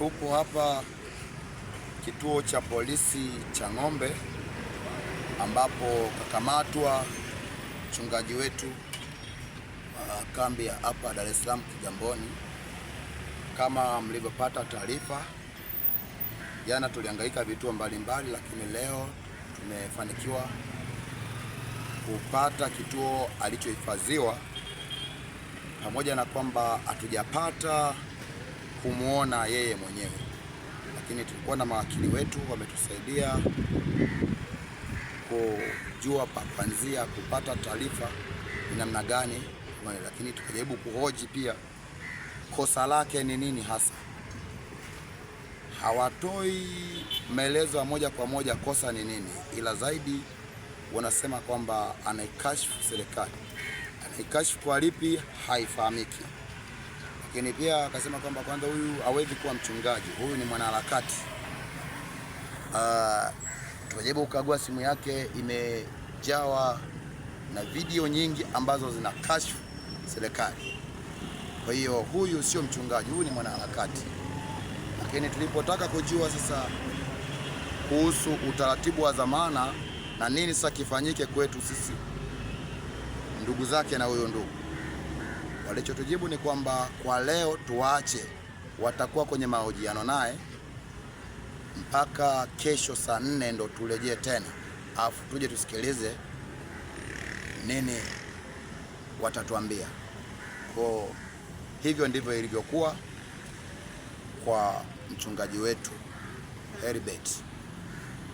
Tupo hapa kituo cha polisi cha Ng'ombe ambapo kakamatwa mchungaji wetu wa kambi ya hapa Dar es Salaam Kigamboni. Kama mlivyopata taarifa jana, tulihangaika vituo mbalimbali mbali, lakini leo tumefanikiwa kupata kituo alichohifadhiwa, pamoja na kwamba hatujapata kumwona yeye mwenyewe, lakini tulikuwa na mawakili wetu wametusaidia kujua pa kuanzia kupata taarifa ni namna gani, lakini tukajaribu kuhoji pia kosa lake ni nini hasa. Hawatoi maelezo ya moja kwa moja kosa ni nini, ila zaidi wanasema kwamba anaikashifu serikali. Anaikashifu kwa lipi haifahamiki. Lakini pia akasema kwamba kwanza huyu hawezi kuwa mchungaji, huyu ni mwanaharakati. Uh, ah, ukagua kukagua simu yake, imejawa na video nyingi ambazo zina kashfu serikali. Kwa hiyo huyu sio mchungaji, huyu ni mwanaharakati. Lakini tulipotaka kujua sasa kuhusu utaratibu wa zamana na nini sasa kifanyike kwetu sisi ndugu zake na huyo ndugu Walichotujibu ni kwamba kwa leo tuache, watakuwa kwenye mahojiano naye mpaka kesho saa nne ndo turejee tena, alafu tuje tusikilize nini watatuambia. Kwa hivyo ndivyo ilivyokuwa kwa mchungaji wetu Heribert.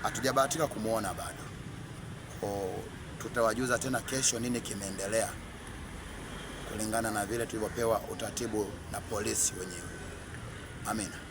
Hatujabahatika kumwona bado, kwa tutawajuza tena kesho nini kimeendelea kulingana na vile tulivyopewa utaratibu na polisi wenyewe. Amina.